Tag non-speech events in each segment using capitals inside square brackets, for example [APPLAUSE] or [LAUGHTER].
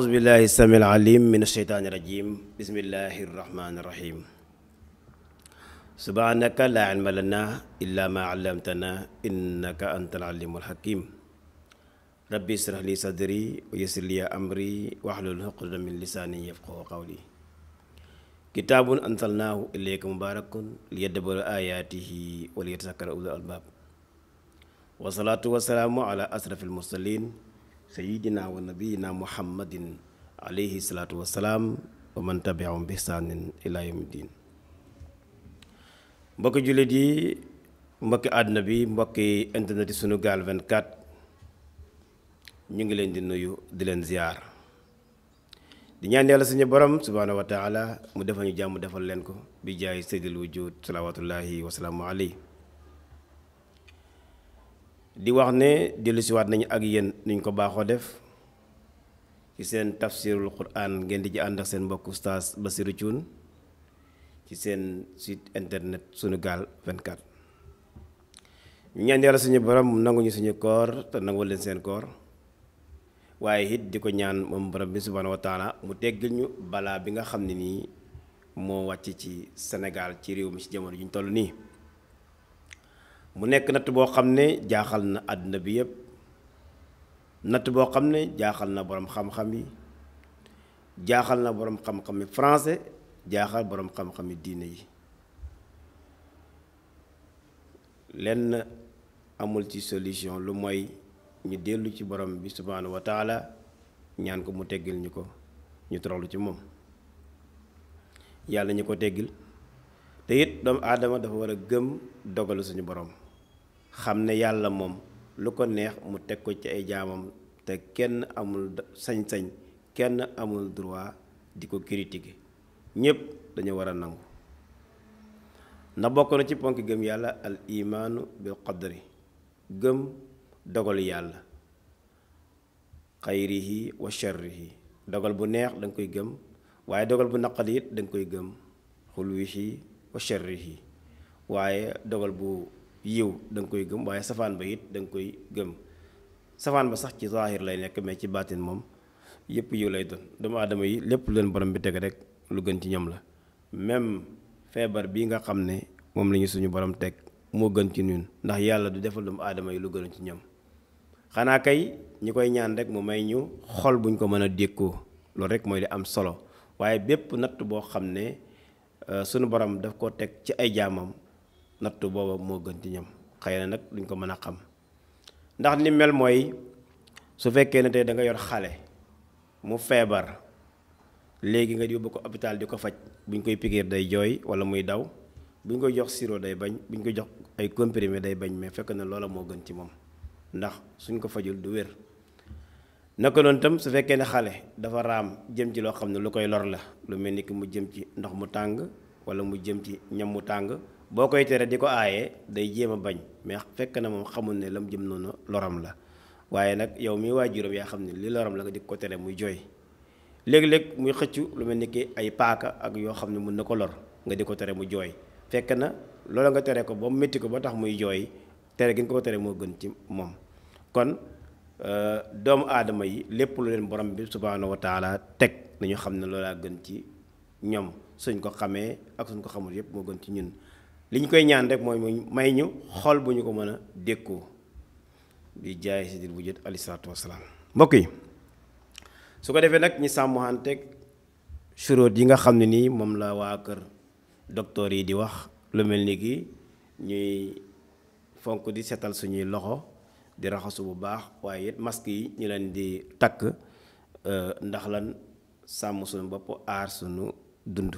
أعوذ بالله السميع العليم من الشيطان الرجيم بسم الله الرحمن الرحيم سبحانك لا علم لنا إلا ما علمتنا إنك أنت العليم الحكيم ربي اشرح لي صدري ويسر لي أمري واحلل عقدة من لساني يفقه قولي كتاب أنزلناه إليك مبارك ليدبر آياته وليتذكر أولو الألباب والصلاة والسلام على أشرف المرسلين sayidina wa nabiyina muhammadin alayhi salaatu wassalaam wa man tabiahum bi ihsaanin ilaa diin mbokki jullit yi mbokki àdduna bi mbokki internet yi vint 24 ñu ngi leen di nuyu di leen ziyaar di ñaan yàlla suñu borom subhaanahu wa mu defal ñu jàmm defal leen ko bi jaay seydil wujud salawaatullahi wa salaamu di wax ne dellusiwaat nañu ak yéen nuñ ko baaxoo def ci seen tafsirul quran ngeen di ci ànd ak seen mbokk oustaz Basirou Thioune ci seen site internet gaal 24 ñu ñaan yàlla suñu borom mu nanguñu suñu koor te nangu leen seen koor waaye it di ko ñaan moom borom bi subhaanahu wa mu teggil ñu balaa bi nga xam ne nii moo wàcc ci Sénégal ci réew mi ci jamono ji ñu toll nii mu nekk natt boo xam ne jaaxal na àddina bi yépp natt boo xam ne jaaxal na boroom xam-xam yi jaaxal na boroom xam-xam yi français jaaxal boroom xam-xam yi diine yi lenn amul ci solution lu moy ñu dellu ci borom bi subhaanahu wa taala ñaan ko mu teggil ñu ko ñu toroxlu ci moom yàlla ñu ko teggil te it doomu aadama dafa war a gëm dogalu suñu boroom xam ne yàlla moom lu ko neex mu teg ko ci ay jaamam te kenn amul sañ-sañ kenn amul droit di ko kiritige ñépp dañu war a nangu na bokk ci ponk gëm yàlla al imaanu bil qadri gëm dogalu yàlla xayrihi wa sharrihi dogal bu neex danga koy gëm waaye dogal bu naqari it danga koy gëm xulwihi wa sharrihi waaye dogal bu yiw danga koy gëm waaye safaan ba it da nga koy gëm safaan ba sax ci zaahir lay nekk mais ci baatin moom yëpp yiw lay doon doomu aadama yi lépp lu leen borom bi teg rek lu gën ci ñoom la même feebar bi nga xam ne moom lañu suñu borom teg moo gën ci ndax yàlla du defal doomu aadama yi lu gën ci ñoom xanaa kay ñi koy ñaan rek mu may ñu xol buñ ko mën a dékkoo loolu rek mooy di am solo waaye bépp natt boo xam ne euh, suñu borom daf ko teg ci ay jaamam nattu booba moo gën ci ñam xëy na nag duñ ko mën a xam ndax ni mel mooy su fekkee ne tey danga yor xale mu feebar léegi nga yóbbu ko hôpital di ko faj buñ koy pikiir day jooy wala muy daw buñ koy jox sirop day bañ buñ koy jox ay comprimé day bañ mais fekk na loola moo gën ci moom ndax suñ ko fajul du wér naka noonu tam su fekkee ne xale dafa raam jëm ci loo xam ne lu koy lor la lu mel ni ki mu jëm ci ndox mu tàng wala mu jëm ci ñam mu tàng boo koy tere di ko aaye day jéem a bañ mais fekk na moom xamul ne la mu jëm noonu loram la waaye nag yow mii mi waajuram yaa xam ne li loram la nga di ko tere muy jooy léeg-léeg muy xëccu lu mel ni ki ay paaka ak yoo xam ne mën na ko lor nga di ko tere mu jooy fekk na loola nga tere ko ba mu métti ko ba tax muy jooy tere gi nga ko tere moo gën ci moom kon euh, doomu aadama yi lépp lu leen borom bi subhaanahu wa taala teg nañu xam ne loolaa gën ci ñoom suñ ko xamee ak suñ ko xamul yépp moo gën ci ñun li ñu koy ñaan rek mooy may ñu xol bu ñu ko mën a dékkoo bi jaay si dir bu jët aleyhi salaatu wasalaam mbokk yi su ko defee nag ñi sàmmanteeg suróot yi nga xam ne nii moom la waa kër docteur yi di wax lu mel ni ki ñuy fonk di setal suñuy loxo di raxasu bu baax waaye it masque yi ñu leen di takk euh, ndax lan sàmm suñu bopp aar suñu dund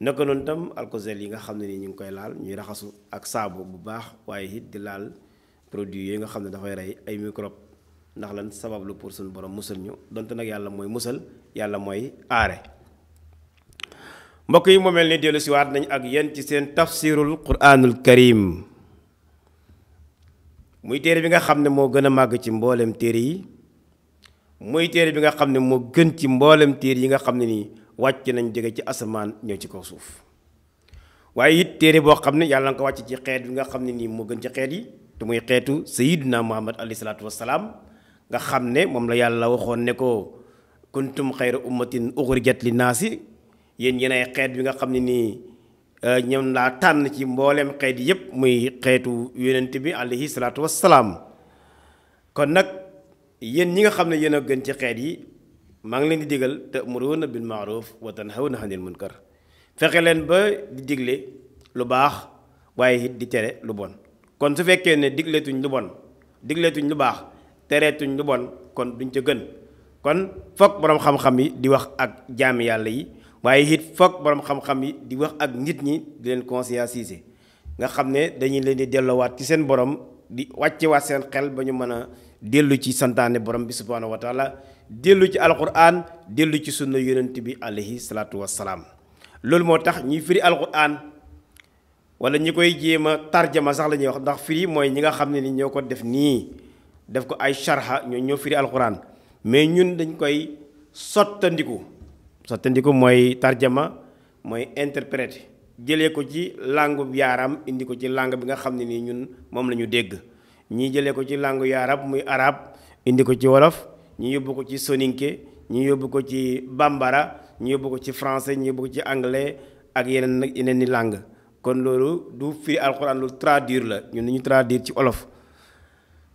naka noonu tam alcosel yi nga xam ne ni ñu ngi koy laal ñuy raxasu ak saabu bu baax waaye it di laal produit yooyu nga xam ne dafay rey ay microbe ndax lan sabab lu pour suñu borom musal ñu dont nag yàlla mooy musal yàlla mooy aare mbokk yi mu mel ni dellu si waat nañ ak yéen ci seen tafsirul quraanul karim muy téere bi nga xam ne moo gën a màgg ci mboolem téere yi muy téere bi nga xam ne moo gën ci mboolem téere yi nga xam ne nii wàcc nañ jóge ci asamaan ñëw ci kaw suuf waaye it téere boo xam ne yàlla nga ko wàcc ci xeet bi nga xam ne nii moo gën ci xeet yi te muy xeetu sayiduna muhammad alayhi salaatu wasalaam nga xam ne moom la yàlla waxoon ne ko kuntum xayra ummatin uxrijat li naasi yéen yéen ay xeet bi nga xam ne nii euh, ñoom laa tànn ci mbooleem xeet yëpp muy xeetu yonent bi alayhi salaatu wasalaam kon nag yéen ñi nga xam ne yéen gën ci xeet yi maa ngi leen di te na digal ta'muruuna bil ma'ruuf wa tanhawna 'anil munkar fexe leen ba di digle lu baax waaye it di tere lu bon kon su fekkee ne digleetuñ lu bon digleetuñ lu baax tereetuñ lu bon kon duñ ca gën kon foog boroom xam-xam yi di wax ak jaami yàlla yi waaye it foog boroom xam-xam yi di wax ak nit ñi di leen conscientiser nga xam ne dañuy leen di delloowaat ci seen borom di wàccewaat seen xel ba ñu mën a dellu ci santaane borom bi subhaanahu wa taala dellu ci alquran dellu ci sunna yonent bi aleyhi salaatu wassalaam loolu moo tax ñi firi alquran wala ñi koy jéem a tarjama sax la ñuy wax ndax firi mooy ñi nga xam ne ni ñoo ko def nii def ko ay sharha ñoo ñoo firi alquran mais ñun dañ koy sottandiku sottandiku mooy tarjama mooy interpréter jëlee ko ci langue yaaram indi ko ci langue bi nga xam ne nii ñun moom la ñu dégg ñi jëlee ko ci langue yaarab muy arab indi ko ci wolof ñu yóbbu ko ci soninke ñu yóbbu ko ci bambara ñu yóbbu ko ci français ñu yóbbu ko ci anglais ak yeneen nag yeneen ni làng kon loolu du firi alxuraan lu traduire la ñun ni ñu traduire ci olof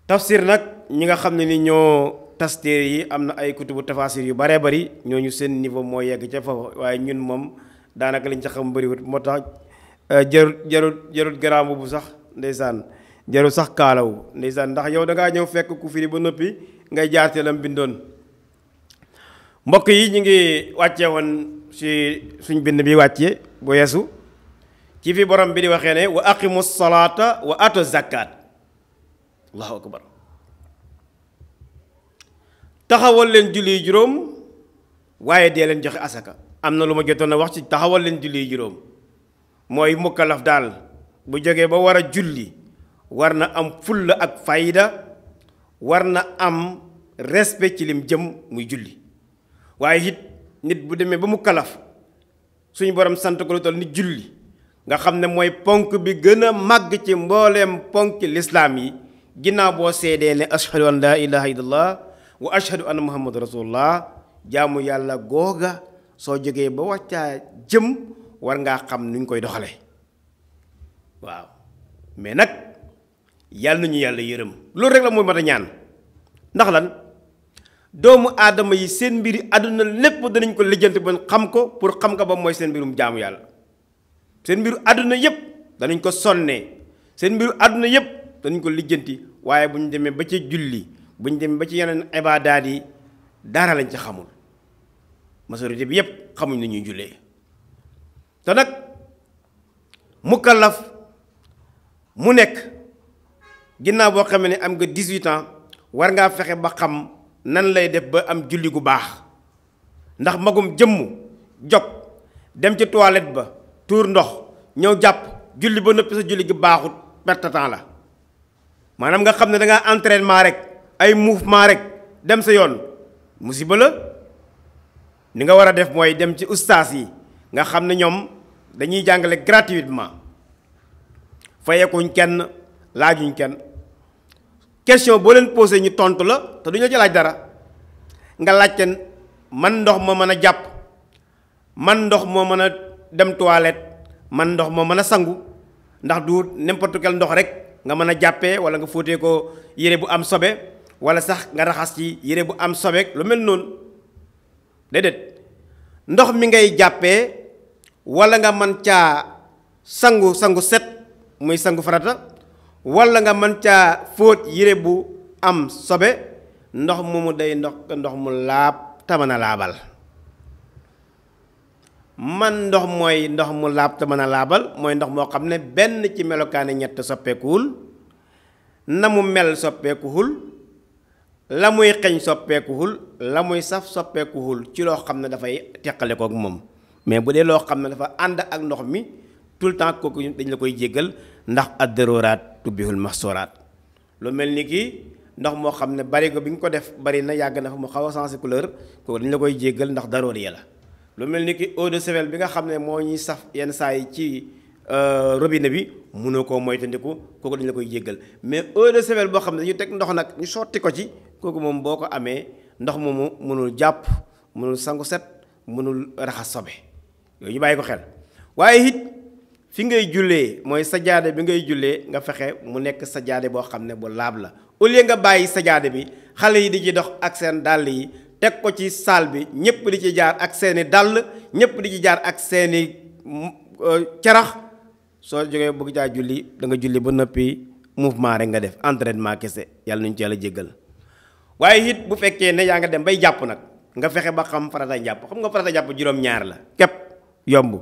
tafsir nag ñi nga xam ne ni ñoo tas yi am na ay kutubu tafasir yu baree bari ñu seen niveau moo yegg ca foofu waaye ñun moom daanaka liñ ca xam bëriwut moo tax jarul euh, jarul jarul garaamu bu sax ndeysaan jarul sax kaalawu ndeysaan ndax yow da ñëw fekk ngay jaar ci lam bindoon mbokk yi ñu ngi wàcce woon ci suñ bind bi wàcce bu yeesu ci fi borom bi di waxee ne wa aqimu salaata wa ato zakat taxawal leen julli juróom waaye dee leen joxe asaka am na lu ma jotoon a wax ci taxawal leen julli juróom mooy mukkalaf daal bu jógee ba war a julli war na am fulla ak fayda war na am respect ci lim jëm muy julli waaye it nit bu demee ba mu kalaf suñu borom sant ko lu julli nga xam ne mooy ponk bi gën a màgg ci mbooleem ponk lislaam yi ginnaaw boo seedee ne ashhadu an laa ilaha illallah wa ashhadu anna muhammadu rasulullah jaamu yàlla googa soo jógee ba wàccaa jëm war ngaa xam nuñ koy doxale waaw mais nag yàlla nañu yàlla yërëm loolu rek la mooy mat a ñaan ndax lan doomu aadama yi seen mbiri àdduna lépp danañ ko lijjanti ba xam ko pour xam nga ba mooy seen mbirum jaamu yàlla seen mbiru àdduna yëpp danañ ko sonnee seen mbiru àdduna yëpp danañ ko lijjanti waaye bu ñu demee ba ci julli bu ñu demee ba ci yeneen ibaadaat yi dara lañ ci xamul majorité bi yëpp xamuñ na ñuy jullee te nag mukallaf mu nekk ginnaaw boo xamee ne am nga 18 ans war ngaa fexe ba xam nan lay def ba am julli gu baax ndax magum jëmm jog dem ci toilette ba tuur ndox ñëw jàpp julli ba noppi sa julli gi baaxut perte la maanaam nga xam ne da ngaa entraînement rek ay mouvement rek dem sa yoon musiba la ni nga war a def mooy dem ci ustaas yi nga xam ne ñoom dañuy jàngale gratuitement fayeekuñ kenn laajuñ kenn question boo leen posé ñu tontu la te du ñu ci dara nga laajte man ndox ma mën a jàpp man ndox moo mën a dem toilette man ndox ma mën a sangu ndax du n'importe quel ndox rek nga mën a jàppee wala nga fóotee ko yére bu am sobe wala sax nga raxas ci yére bu am sobe lu mel noonu déedéet ndox mi ngay jàppee walla nga man caa sangu sangu set muy sangu farata walla nga man caa fóot yére bu am sobe ndox mu mu day ndox ndox mu laab taman a laabal man ndox mooy ndox mu laab taman a laabal mooy ndox moo xam ne benn ci melokaani ñett soppeekuwul na mu mel soppeekuwul la muy xeñ soppeekuwul la muy saf soppeekuwul ci loo xam ne dafay teqale kook moom mais bu dee loo xam ne dafa ànd ak ndox mi tout le temps kooku dañ la koy jéggal ndax addaroraat tubbihul maxsooraat lu mel ni kii ndox moo xam ne bari ko bi nga ko def bari na yàgg na fa mu xaw a sensé couleur kooku dañ la koy jéggal ndax daroor ya la lu mel ni kii eau de javel bi nga xam ne moo ñuy saf yenn saa yi ci euh, robine bi mënoo koo moytandiku kooku dañ la koy jéggal mais eau de javel boo xam ne ñu teg ndox nag ñu sotti ko ci kooku moom boo ko amee ndox moomu mënul jàpp mënul sangu set mënul raxas sobe yooyu bàyyi ko xel fi ngay jullee mooy sajaade bi ngay jullee nga fexe mu nekk sajaade boo xam ne bu laab la au lieu nga bàyyi sajaade bi xale yi di ci dox ak seen dàll yi teg ko ci saal bi ñëpp di ci jaar ak seeni dàll ñëpp di ci jaar ak seeni euh, carax soo jógee bëgg caa julli da nga julli ba noppi mouvement rek nga def entraînement kese yàlla nañu ci yàlla jéggal waaye it bu fekkee ne yaa nga dem bay jàpp nag nga fexe ba xam farata jàpp xam nga farata jàpp juróom la képp yomb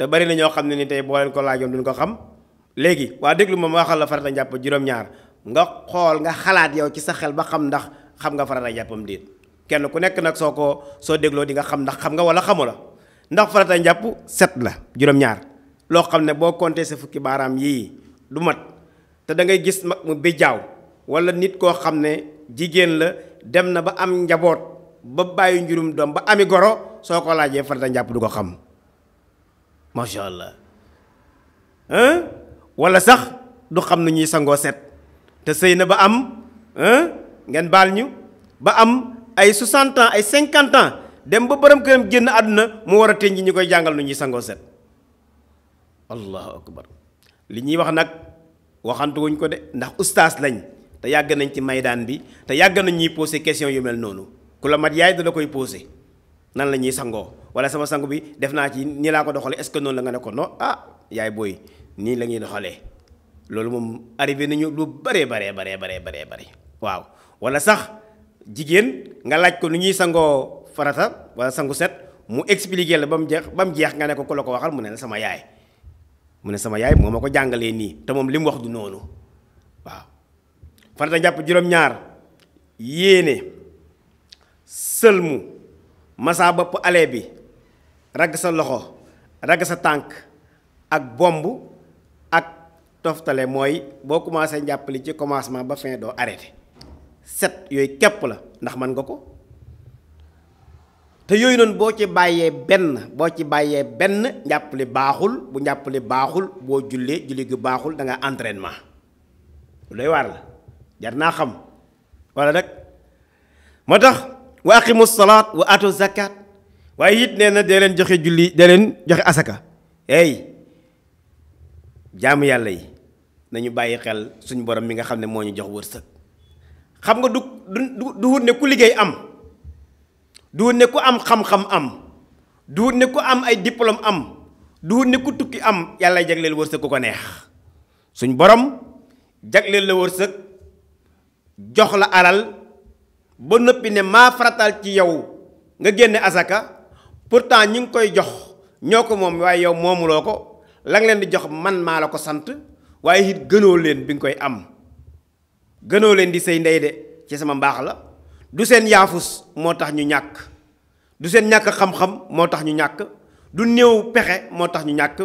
te bari na ñoo xam ne ni tey boo leen ko laajoon duñ ko xam léegi waa déglu ma ma waxal la farata njàpp juróom-ñaar nga xool nga xalaat yow ci sa xel ba xam ndax xam nga farata njàppam déet kenn ku nekk nag soo ko soo dégloo di xam ndax xam nga wala xamu la ndax farata njàpp set la juróom-ñaar loo xam ne boo compté sa fukki baaraam yii du mat te dangay gis mag mu bijaaw wala nit koo xam ne jigéen la dem na ba am njaboot ba bàyyi njurum doom ba ami goro soo ko laajee farata njàpp du ko xam macha allah walla sax du xam nu ñuy sangoo set te sëy na ba am ngeen baal ñu ba am ay 60 ay 50 ans dem ba borom këram génn àdduna mu war a teñ ji ñu koy jàngal nu ñuy sangoo set allahu akbar li ñuy wax nag waxantu wuñ ko de ndax ustaas lañ te yàgg nañ ci maydaan bi te yàgg nañ ñuy posé question yu mel noonu ku la mat yaay da la koy posé nan la ñuy sangoo wala sama sangu bi def naa ci nii laa ko doxalee est-ce que noonu la nga ne ko non ah yaay booy nii la ñuy doxalee loolu moom arrivé nañu lu bëree baree baree baree baree bëri waaw wala sax jigéen nga laaj ko nu ñuy sangoo farata wala sangu set mu expliquer la ba mu jeex ba mu jeex nga ne ko ku la ko waxal mu ne la sama yaay mu ne sama yaay moom ma ko jàngalee nii te moom li mu wax du noonu waaw farata jàpp juróom-ñaar yéene sëlmu masaa bopp ale bi ragg sa loxo ragg sa tànk ak bomb ak toftale mooy boo commencé njàppali ci commencement ba fin doo arrêté set yooyu kepp la ndax mën nga ko te yooyu noonu boo ci bàyyee benn boo ci bàyyee benn njàppali baaxul bu njàppali baaxul boo jullee julli gi baaxul da nga entraînement lu doy waar la jar naa xam wala rek moo tax wa aqimu salaat wa atu zakat waaye it nee na dee leen joxe julli dee leen joxe asaka hey jaamu yàlla yi nañu bàyyi xel suñu borom mi nga xam ne moo ñu jox wërsëg xam nga du du du wut ne ku liggéey am du wut ne ku am xam-xam am du wut ne ku am ay diplôme am du wut ne ku tukki am yàlla jagleel wërsëg ku ko neex suñ borom jagleel la wërsëg jox la alal ba noppi ne maa faratal ci yow nga génne asaka pourtant ñi ngi koy jox ñoo ko moom waaye yow moomuloo ko la leen di jox man maa la ko sant waaye it gënoo leen bi nga koy am gënoo leen di say ndey de ci sama mbaax la du seen yaafus moo tax ñu ñàkk du seen ñàkk xam-xam moo tax ñu ñàkk du néew pexe moo tax ñu ñàkk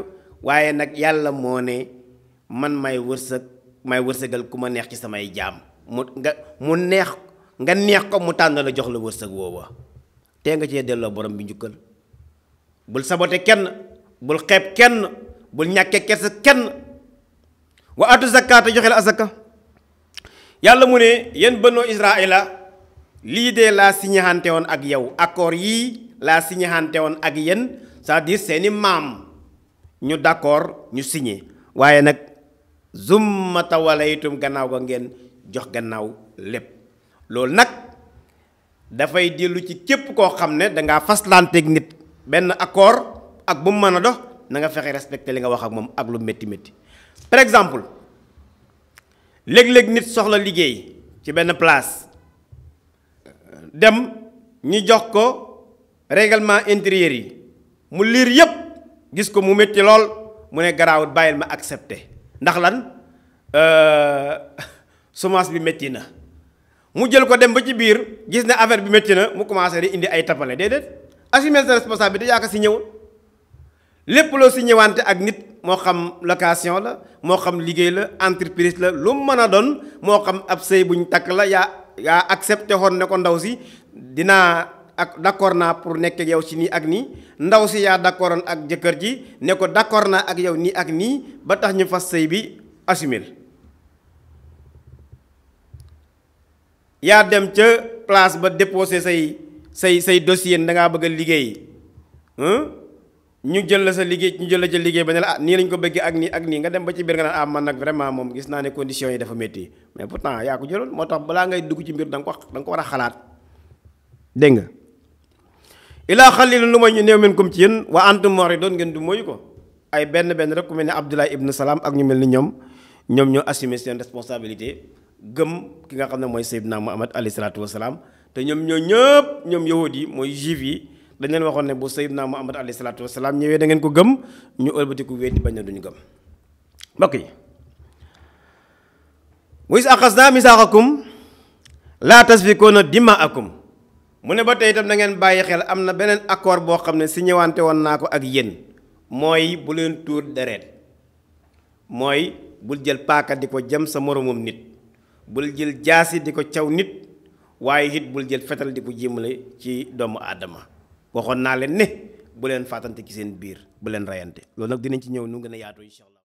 waaye nag yàlla moo ne man may wërsëg may wërsëgal ku ma neex ci samay jaam mu nga mu neex nga neex ko mu tànn la jox la wërsëg woowa tee nga cee delloo borom bi njukkal bul sabote kenn bul xeeb kenn bul ñàkkee kes kenn waa atu joxe la azaka yàlla mu ne yéen bënnoo israila lii de laa siñaxante woon ak yow accord yii laa siñaxante woon ak yenn cest à seeni maam ñu d'accord ñu signé waaye nag zumma tawalaytum gannaaw ga ngeen jox gannaaw lépp loolu nag dafay dellu ci cépp koo xam ne dangaa faslante nit benn accord ak bu mu mën a dox na nga fexe respecté li nga wax ak moom ak lu métti métti par exemple léeg-léeg nit soxla liggéey ci benn place euh, dem ñu jox ko règlement intérieur yi mu liir yépp gis ko mu métti lool mu ne garaawut bàyyil ma accepté ndax lan euh, [LAUGHS] semence bi métti na mu jël ko dem ba ci biir gis ne affaire bi métti na mu commencé di indi ay tapale déedéet assumer sa responsabilité yaa ko si ñëwoon lépp loo si ñëwante ak nit moo xam location la moo xam liggéey la entreprise la lu mën a doon moo xam ab sëy buñ takk la yaa yaa accepté woon ne ko ndaw si dina ak d'accord naa pour nekk yow ci nii ak nii ndaw si yaa d'accordoon ak jëkkër ji ne ko d'accord naa ak yow nii ak nii ba tax ñu fas sëy bi assumer yaa dem ca place ba déposer say say say dossier da ngaa bëgg liggéey ñu jël la sa liggéey ñu jël la ca liggéey ba ne la ah nii lañ ko bëggee ak nii ak nii nga dem ba ci biir nga naan ah man nag vraiment moom gis naa ne conditions yi dafa métti mais pourtant yaa ko jëloon moo tax balaa ngay dugg ci mbir da nga ko da ko war a xalaat dégg nga ilaa xalilun lu ma ñu néew minkum ci yéen wa moo mu'ridun ngeen du mooyu ko ay benn benn rek ku mel ne Abdullah ibn Salam ak ñu mel ni ñoom ñoom ñoo assumer seen responsabilité gëm ki nga xam ne mooy Seydina Muhammad alayhi salaatu salaam te ñoom ñoo ñëpp ñoom yahud yi mooy juif yi dañ waxoon ne bu sayyidna Muhammad alayhi salaatu wasalaam ñëwee da ngeen ko gëm ñu ëlbatiku weddi bañ na duñu gëm mbokk yi wa iz axadnaa misaaqakum laa tasfikuuna dimaakum mu ne ba tey itam da ngeen bàyyi xel am na beneen accord boo xam ne si ñëwante woon naa ko ak yéen mooy bu leen tuur deret mooy bul jël paaka di ko jëm sa moroomum nit bul jël jaasi di ko caw nit waaye it bul jël fetal di ko jëmale ci doomu aadama waxoon naa leen ne bu leen fàttante ci seen biir bu leen rayante loolu nag dinañ ci ñëw nu gën a yaatu incha allah